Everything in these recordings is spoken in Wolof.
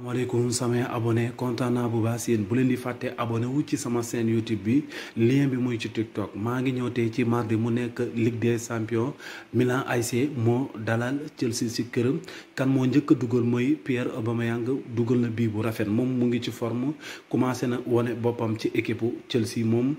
asalaamaaleykum samay abonné kontaan naa bu baax yéen bu leen di fàtte abonewu ci sama chaîne YouTube bi lien bi muy ci TikTok maa ngi ñëw te ci mardi mu nekk Ligue des champions Milan AC moo dalal Chelsea si këram kan moo njëkk a dugal mooy Pierre Aubameyang dugal na bii bu rafet moom mu ngi ci form commencé na wane boppam ci équipe Chelsea moom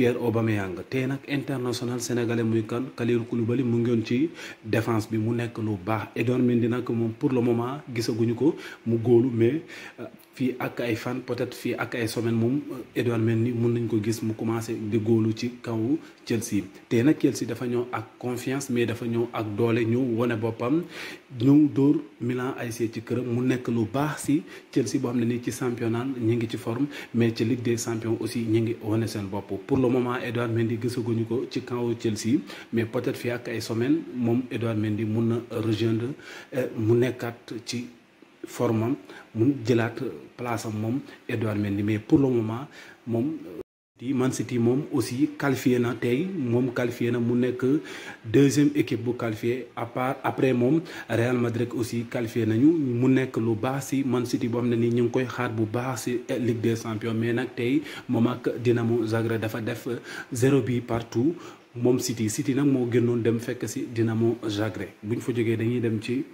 Pierre Aubameyang tey nag international sénégalais muy kan Kalidou Koulibaly mu ngi ci défense bi mu nekk lu baax Edouard Mendy nag moom pour le moment gisaguñu ko mu góolu mais euh, fii ak ay fan peut-être fii ak ay semaine moom Edouard Mendy mun nañ ko gis mu commencé di góolu ci kaw Chelsea tey nag Chelsea dafa ñëw ak confiance mais dafa ñëw ak doole ñëw wane boppam ñëw dóor Milan AC ci këram mu nekk lu baax si Chelsea boo xam ne nii ci championnat ñu ngi ci forme mais ci Ligue des champions aussi ñu ngi wane seen bopp pour le moment Edouard Mendy gisaguñu ko ci kaw Chelsea mais peut-être fii ak ay semaine moom Edouard Mendy mun na rejoindre eh, formam mun jëlaat place moom Edouard Mendy mais pour le moment moom di Man City moom aussi qualifié na tey moom qualifié na mu nekk deuxième équipe bu qualifié à part après moom Real Madrid aussi qualifié nañu mu nekk lu baax si Man City boo xam ne nii ñu ngi koy xaar bu baax si Ligue des Champions mais nag tey moom ak Dinamo Zagreb dafa def zéro bi partout moom City City nag moo gënoon dem fekk si Dinamo Zagreb bu ñu fa jógee dañuy dem ci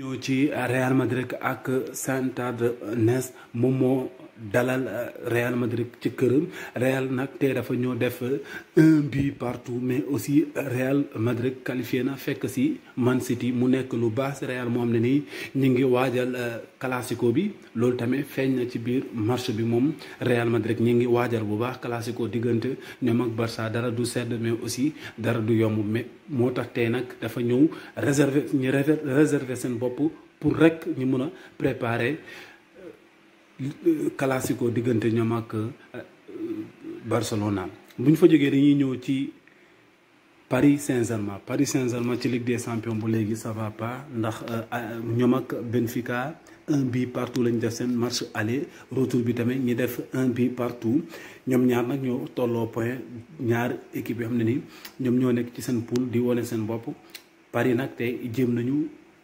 ñëw ci Real Madrid ak Stade Reims moom moo dalal euh, Real Madrid ci këram Real nag te dafa ñoo def euh, un but partout mais aussi Real Madrid qualifié na fekk si Man City mu nekk lu baax si Real moo ne nii ñu ngi waajal euh, classico bi loolu tamit feeñ na ci biir match bi moom Real Madrid ñu ngi waajal bu baax classico diggante ñoom ak Barça dara du sedd mais aussi dara du yomb moo tax tey nag dafa ñëw réserver seen pour rek ñu mëna préparer euh, classico ak euh, Barcelona. buñ fa Paris Saint-Germain Paris Saint-Germain ci Ligue des Champions bu ça va pas ndax euh, Benfica. un but partout lañ def marche aller retour bi tamé ñi def un but partout ñom ñaar nak ñoo tolo point ñaar équipe Paris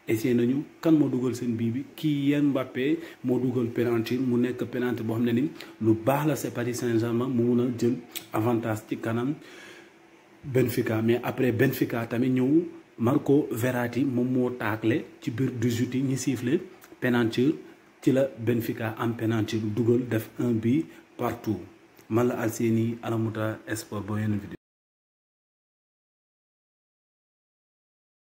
essayé nañu kan moo dugal seen bii bi Kylian Mbappé moo dugal penalty mu nekk penalty boo xam ne ni lu baax la c'est Paris Saint-Germain mu mun a jël avantage ci kanam Benfica mais après Benfica tamit ñëw Marco Verratti moom moo taagle ci biir 18 yi ñu siffle penalty ci la Benfica am penalty dugal def un bi partout man la Alseyni Alamouta Sport ba yeneen vidéo